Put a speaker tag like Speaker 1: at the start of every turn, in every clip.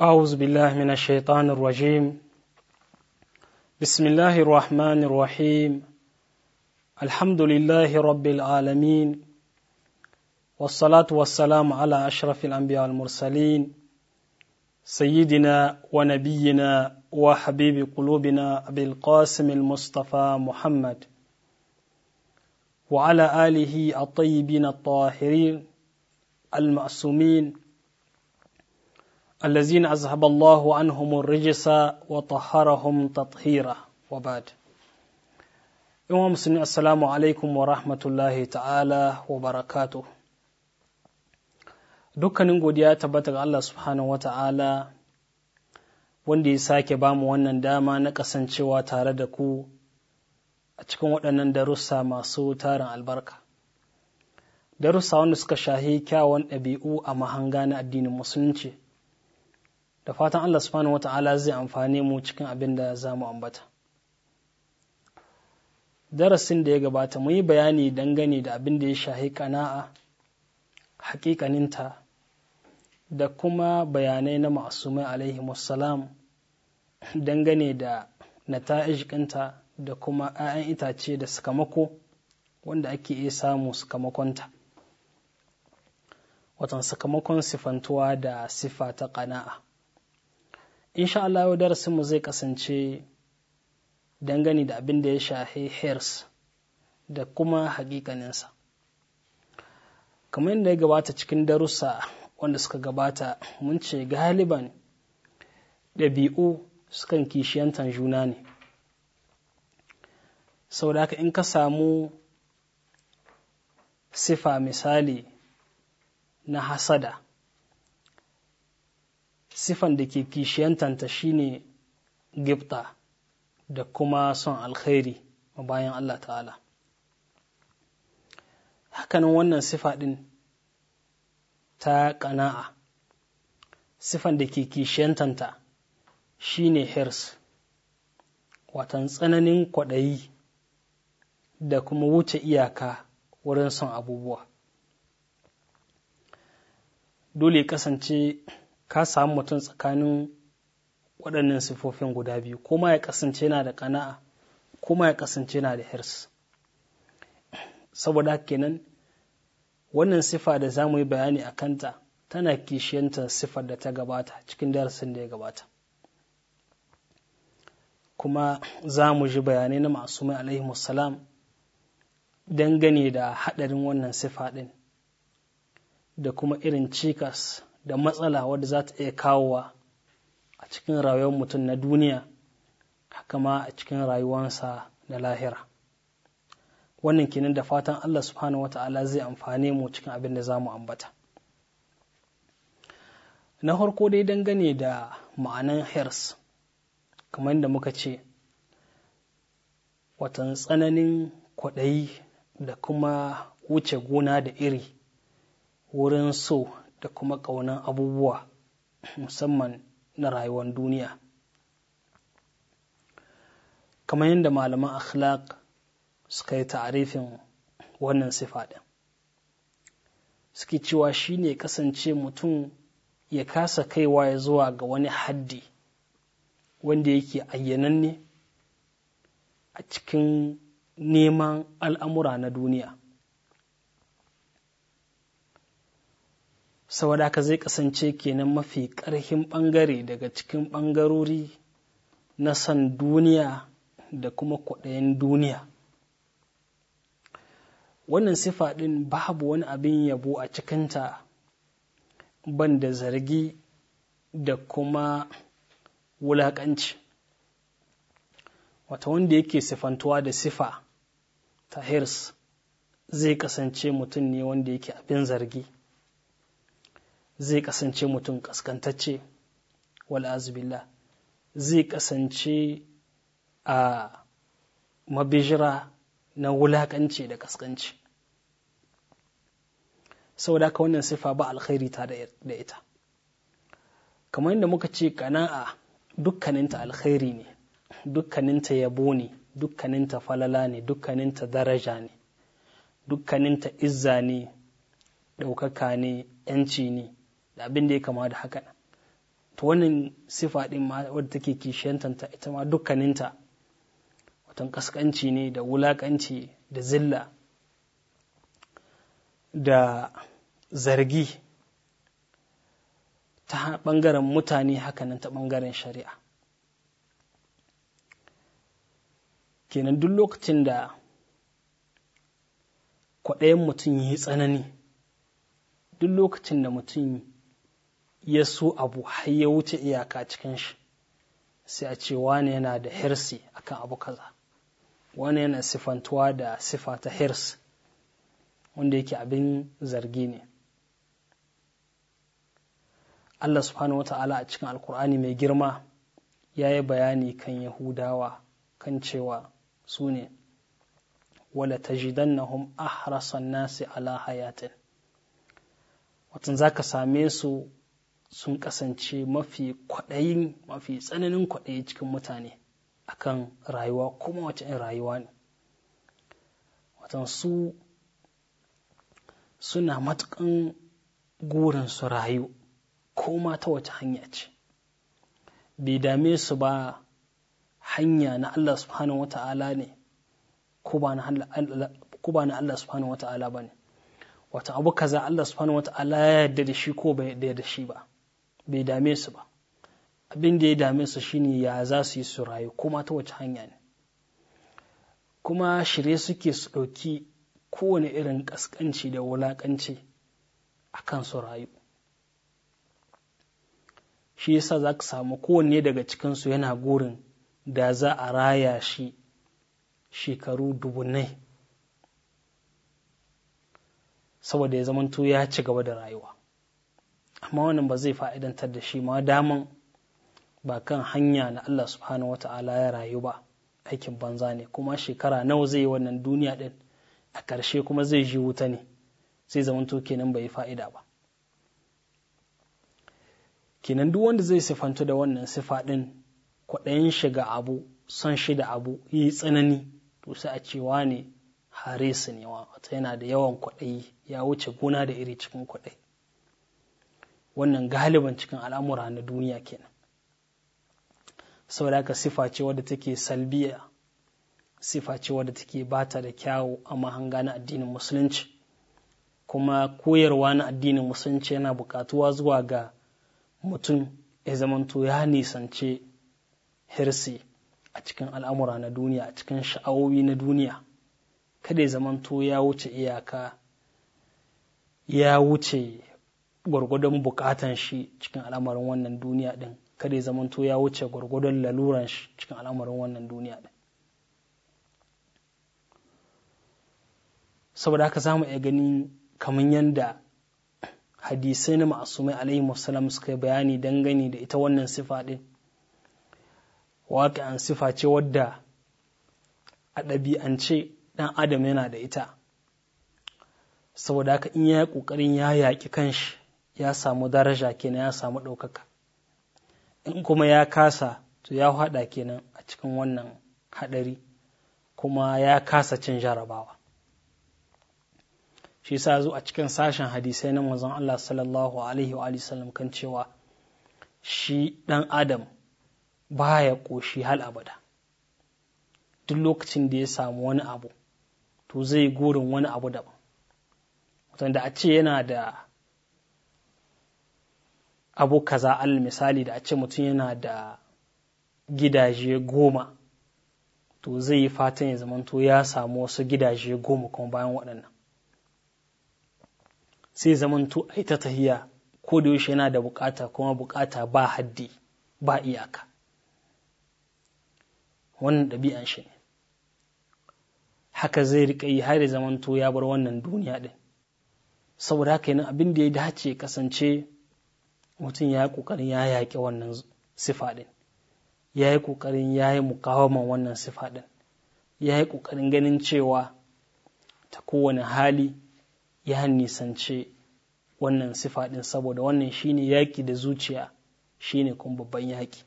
Speaker 1: أعوذ بالله من الشيطان الرجيم بسم الله الرحمن الرحيم الحمد لله رب العالمين والصلاة والسلام على أشرف الأنبياء المرسلين سيدنا ونبينا وحبيب قلوبنا أبي القاسم المصطفى محمد وعلى آله الطيبين الطاهرين المعصومين الذين أذهب الله عنهم الرجس وطهرهم تطهيرا وبعد يوم مسلمين السلام عليكم ورحمة الله تعالى وبركاته dukkanin godiya tabbata ga Allah subhanahu wa ta'ala wanda ya sake ba mu wannan dama na kasancewa tare da ku a cikin waɗannan darussa masu tarin albarka darussa wanda suka shahi kyawun ɗabi'u a mahanga na addinin musulunci da fatan Allah subhanahu wa ta'ala zai amfane mu cikin abin da za mu ambata darasin da ya gabata mu yi bayani dangane da abin da ya shahi kana'a hakikaninta da kuma bayanai na ma'asumai alaihi wassalam dangane da nata'ijikinta da kuma 'ya'yan itace da sakamako wanda ake iya samu sakamakonta watan sakamakon sifantuwa da sifa ta ƙana'a insha Allah yau darasinmu zai kasance dangane da abin da ya shahi hers da kuma hakikaninsa kamar yadda ya gabata cikin darussa wanda suka gabata mun ce galiban ɗabi'u sukan kishiyantan juna ne sau da haka in ka samu sifa misali na hasada sifan da ke kishiyantanta ne gifta da kuma son alkhairi bayan Allah ta'ala hakanan wannan sifa ɗin ta ƙana'a sifan da ke kishiyantanta ne hirs watan tsananin kwaɗayi da kuma wuce iyaka wurin son abubuwa dole kasance ka samu mutum tsakanin waɗannan sifofin guda biyu kuma ya kasance na da ƙana'a kuma ya kasance na da hirs saboda kenan wannan sifa da za mu yi bayani a kanta tana kishiyantar sifar da ta gabata cikin darasin da ya gabata kuma za mu ji bayanai na mai alaihi musalam dangane da haɗarin wannan sifa ɗin da kuma irin cikas da matsala wadda za ta iya kawowa a cikin rayuwar mutum na duniya haka ma a cikin rayuwarsa na lahira wannan kenan da fatan Allah subhanahu wa ta'ala zai amfane mu cikin abin da za mu ambata na harko dai dangane da ma'anan hers kamar yadda muka ce watan tsananin kwaɗayi da kuma wuce gona da iri wurin so da kuma ƙaunar abubuwa musamman na rayuwar duniya kamar yadda malaman akhlaq suka yi ta'arifin wannan sifa ɗin suke cewa shi ne kasance mutum ya kasa kaiwa ya zuwa ga wani haddi wanda yake ayyananne a cikin neman al'amura na duniya saboda haka zai kasance kenan mafi ƙarhin ɓangare daga cikin ɓangarori na san duniya da kuma kwaɗayin duniya wannan sifa ɗin babu wani abin yabo a cikinta ban da zargi da kuma wulaƙanci wata wanda yake sifantuwa da sifa ta hirs zai kasance mutum ne wanda yake abin zargi zai kasance mutum kaskantacce wal'azubillah zai kasance a mabijira na wulaƙanci da kaskanci da ka wannan sifa ba alkhairi ta da ita kamar yadda muka ce kana'a dukkaninta alkhairi ne dukkaninta yabo ne dukkaninta falala ne dukkaninta daraja ne dukkaninta izza ne ɗaukaka ne ‘yanci ne da abin da ya kama da haka ta wannan sifa din ma wadda take kishiyantanta ita ma dukkaninta watan kaskanci ne da wulakanci da zilla da zargi ta bangaren mutane hakanan ta bangaren shari'a kenan duk lokacin da kwaɗayin mutum yi tsanani duk lokacin da mutum ya so abu har ya wuce iyaka cikin shi sai a ce wane yana da hirsi akan abu kaza wane yana sifantuwa da sifa ta hirs wanda yake abin zargi ne Allah subhanahu wata'ala a cikin alkur'ani mai girma ya yi bayani kan yahudawa kan cewa su ne wala tajidannahum ahrasan nasi ala hayatin watan zaka same su sun kasance mafi kwaɗayin mafi tsananin kwaɗayi cikin mutane akan rayuwa kuma wace in rayuwa ne watan su suna matukan gurin su rayu ko ma ta wace hanya ce bai dame su ba hanya na Allah subhanahu ta'ala ne ko ba na Allah subhanahu ta'ala ba ne wata abu kaza Allah subhanahu ta'ala ya yarda da shi ko bai yarda da shi ba bai dame su ba abin da ya dame su shine ya za su yi su rayu kuma ta wace hanya ne kuma shirye suke su ɗauki kowane irin ƙasƙanci da wulaƙanci a kan su rayu shi yasa za ka samu kowanne daga cikinsu yana gurin da za a raya shi shekaru dubunai saboda ya zamanto ya ci gaba da rayuwa amma wannan ba zai fa'idantar da shi ma daman ba kan hanya na Allah subhanahu wa ta'ala ya rayu ba aikin banza ne kuma shekara nawa zai yi wannan duniya ɗin a ƙarshe kuma zai ji wuta ne sai zamanto kenan bai fa'ida ba kenan duk wanda zai sifantu da wannan sifa ɗin kwaɗayin shiga abu son shi da abu yi tsanani to sai a cewa ne haris ne wa yana da yawan kwaɗayi ya wuce gona da iri cikin kwaɗayi wannan galiban cikin al'amura na duniya kenan saboda haka sifa ce wadda take salbiya sifa ce wadda take bata da kyawu a mahanga na addinin musulunci kuma koyarwa na addinin musulunci yana bukatuwa zuwa ga mutum ya zamanto ya nisance hirsi a cikin al'amura na duniya a cikin sha'awowi na duniya kada ya zamanto ya wuce iyaka ya wuce gwargwadon bukatan shi cikin al'amarin wannan duniya din kada ya zamanto ya wuce gwargwadon laluran shi cikin al'amarin wannan duniya din saboda haka za mu iya gani kamar yadda hadisai na ma'asumai alaihi wasallam suka yi bayani dangane da ita wannan sifa din waƙi'an sifa ce wadda a ɗabi'ance ɗan adam yana da ita saboda haka in ya yi ƙoƙarin ya yaƙi kanshi ya samu daraja kenan ya samu ɗaukaka in kuma ya kasa to ya haɗa kenan a cikin wannan haɗari kuma ya kasa cin jarabawa shi sa zo a cikin sashen hadisai na manzon Allah sallallahu alaihi wa sallam kan cewa shi ɗan adam baya ƙoshi hal abada duk lokacin da ya samu wani abu to zai gurin wani abu daban da a ce yana da abu kaza al misali da a ce mutum yana da gidaje goma to zai yi fatan ya zamanto ya samu wasu gidaje goma kuma bayan waɗannan sai zamanto a ta tahiya ko da yaushe yana da bukata kuma bukata ba haddi ba iyaka wannan ɗabi'an shi ne haka zai riƙa yi har zamanto ya bar wannan duniya ɗin saboda haka yana abin da ya dace kasance mutum ya yi ƙoƙarin ya yaƙi wannan sifa ɗin ya yi ƙoƙarin ya yi mukawaman wannan sifa ɗin ya yi ƙoƙarin ganin cewa ta kowane hali ya nisance wannan sifa ɗin saboda wannan shine yaƙi da zuciya shine kuma babban yaƙi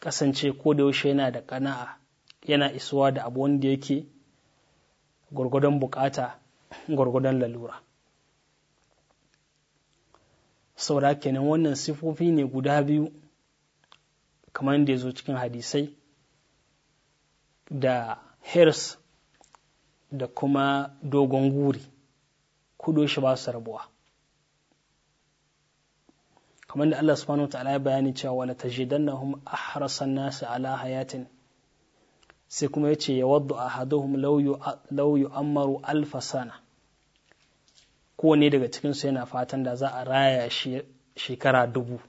Speaker 1: kasance ko da yaushe yana da ƙana'a yana isuwa da abu wanda yake gwargwadon bukata gwargwadon lalura saura kenan wannan sifofi ne guda biyu kamar da ya zo cikin hadisai da hers da kuma dogon guri kudo shi ba su rabuwa kamar da Allah subhanahu ta'ala ya bayani cewa wala tajidannahum ahrasan nasi ala hayatin sai kuma yace yawaddu ahaduhum law yu'ammaru alfa alfasana. kowane daga cikinsu yana fatan da za a raya shekara dubu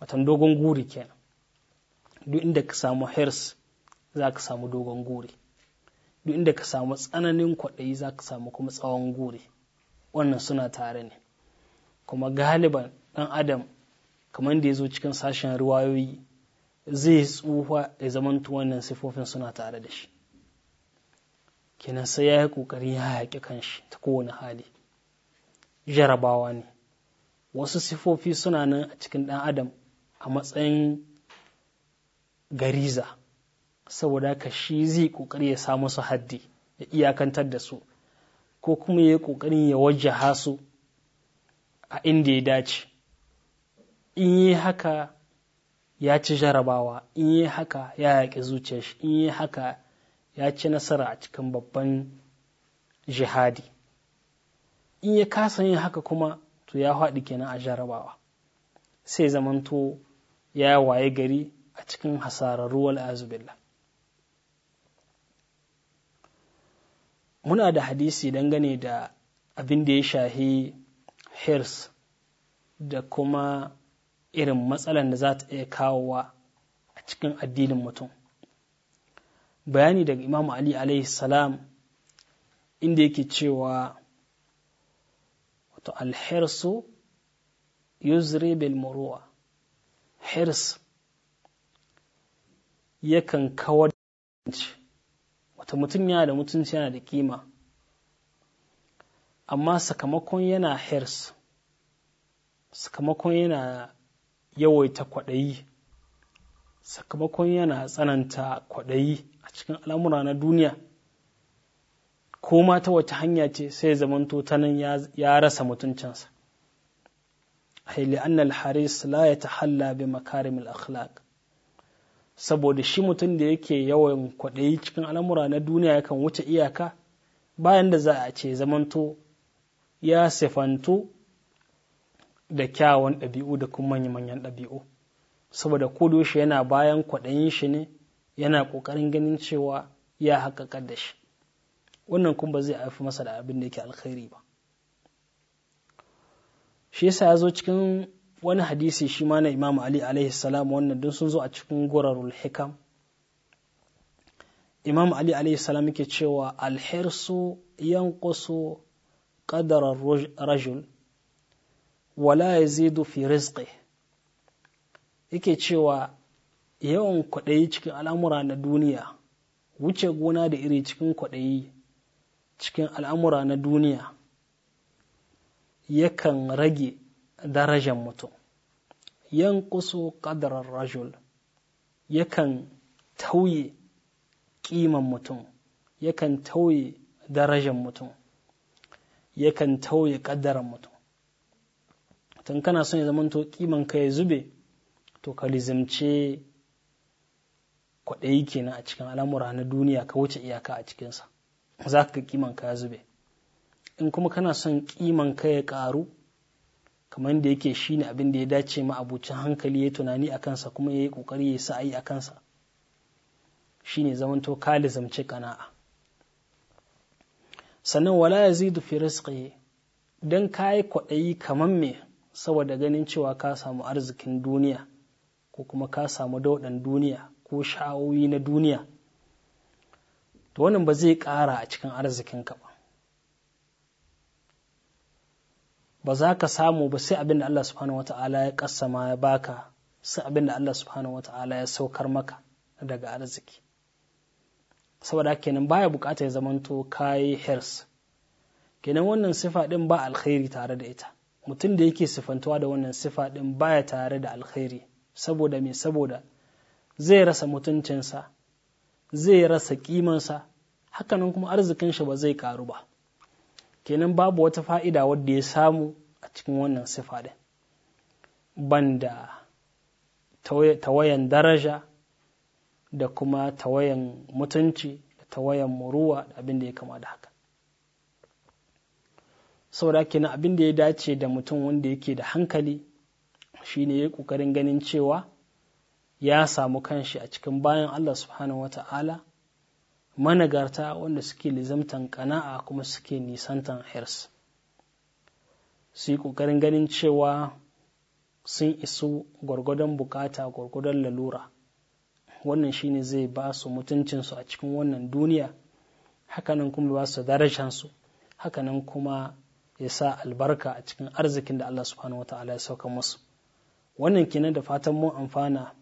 Speaker 1: watan dogon guri kenan duk inda ka samu hers za ka samu dogon guri duk inda ka samu tsananin kwaɗayi za ka samu kuma tsawon guri wannan suna tare ne kuma galiban ɗan adam kamar da ya zo cikin sashen ruwayoyi zai tsufa ya zamanta wannan sifofin suna tare da shi kenan sai ya yi ƙoƙari ya haƙi kanshi ta kowane hali jarabawa ne wasu sifofi suna nan a cikin ɗan adam a matsayin gariza saboda ka shi zai ƙoƙari ya samu su haddi ya iyakantar da su ko kuma ya ƙoƙari ya wajja su a inda ya dace in yi haka ya ci jarabawa in yi haka ya yaƙi zuciyar shi in yi haka ya ci nasara a cikin babban jihadi in ya kasa yin haka kuma to ya haɗi kenan a jarabawa sai zamanto ya waye gari a cikin hasararru wal'azubillah muna da hadisi dangane da abin da ya shahi hirs da kuma irin matsalan da za ta iya kawowa a cikin addinin mutum bayani daga imamu ali alaihi salam inda yake cewa to alhirsu yuzri bil muruwa hirs yakan kawar da wata mutum yana da mutunci yana da kima amma sakamakon yana hirs sakamakon yana yawaita kwaɗayi sakamakon yana tsananta kwaɗayi a cikin al'amura na duniya ko ma ta wace hanya ce sai zamanto ta nan ya rasa mutuncinsa haili annal haris la ya halla bi makarimil akhlaq saboda shi mutum da yake yawan kwaɗayi cikin al'amura na duniya yakan wuce iyaka bayan da za a ce zamanto ya sifantu da kyawun ɗabi'u da kuma manya manyan ɗabi'u saboda kodoshi yana bayan kwaɗayin shi ne yana ƙoƙarin ganin cewa ya haƙaƙar da shi wannan kuma ba zai haifi masa da abin da yake alkhairi ba shi yasa ya zo cikin wani hadisi shi ma na imamu ali alaihi salam wannan dun sun zo a cikin gurarul hikam imam ali alaihi salam yake cewa alhirsu yanqusu qadara rajul wala yazidu fi rizqi yake cewa yawan kwaɗayi cikin al'amura na duniya wuce gona da iri cikin kwaɗayi cikin al'amura na duniya yakan rage darajar mutum yan kuso ƙadarar rajul yakan tauye ƙiman mutum yakan tauye darajar mutum yakan tauye ƙaddaran mutum tun kana son ya zamanto ƙiman ka ya zube to ka lizimce kwaɗayi kenan a cikin al'amura na duniya ka wuce iyaka a cikinsa za ka kiman ka zube in kuma kana son kiman ka ya karu kamar da yake shine abin da ya dace ma abucin hankali ya tunani a kansa kuma ya yi kokari ya sa'ayi a kansa shi shine zamanto ka zamce kana'a sannan wala yazidu fi don dan yi kwaɗayi kaman me saboda ganin cewa ka samu arzikin duniya ko kuma ka samu dauɗan duniya ko sha'awoyi na duniya to wannan ba zai ƙara a cikin arzikinka ba ba za ka samu ba sai abin da Allah subhanahu wata'ala ya kassama ya baka sai abin da Allah subhanahu wata'ala ya saukar maka daga arziki saboda kenan baya bukata ya zamanto kayi hirs kenan wannan sifa din ba alkhairi tare da ita mutum da yake sifantuwa da wannan sifa din baya tare da alkhairi saboda me saboda zai rasa mutuncinsa zai rasa kimansa hakanan kuma arzikin shi ba zai karu ba kenan babu wata fa'ida wadda ya samu a cikin wannan sifa Ban da tawayan daraja da kuma tawayan mutunci da tawayan muruwa da abin da ya kama da haka saboda kenan abin da ya dace da mutum wanda yake da hankali shine ya yi ƙoƙarin ganin cewa ya samu kanshi a cikin bayan Allah subhanahu wata'ala managarta wanda suke lizamtan kana'a kuma suke nisantan hirs su yi ƙoƙarin ganin cewa sun isu gwargwadon bukata gwargwadon lalura wannan shine zai ba su mutuncinsu a cikin wannan duniya hakanan kuma ba su darajansu hakanan kuma ya sa albarka a cikin arzikin da Allah subhanahu wa ya sauka musu wannan kenan da fatan mun amfana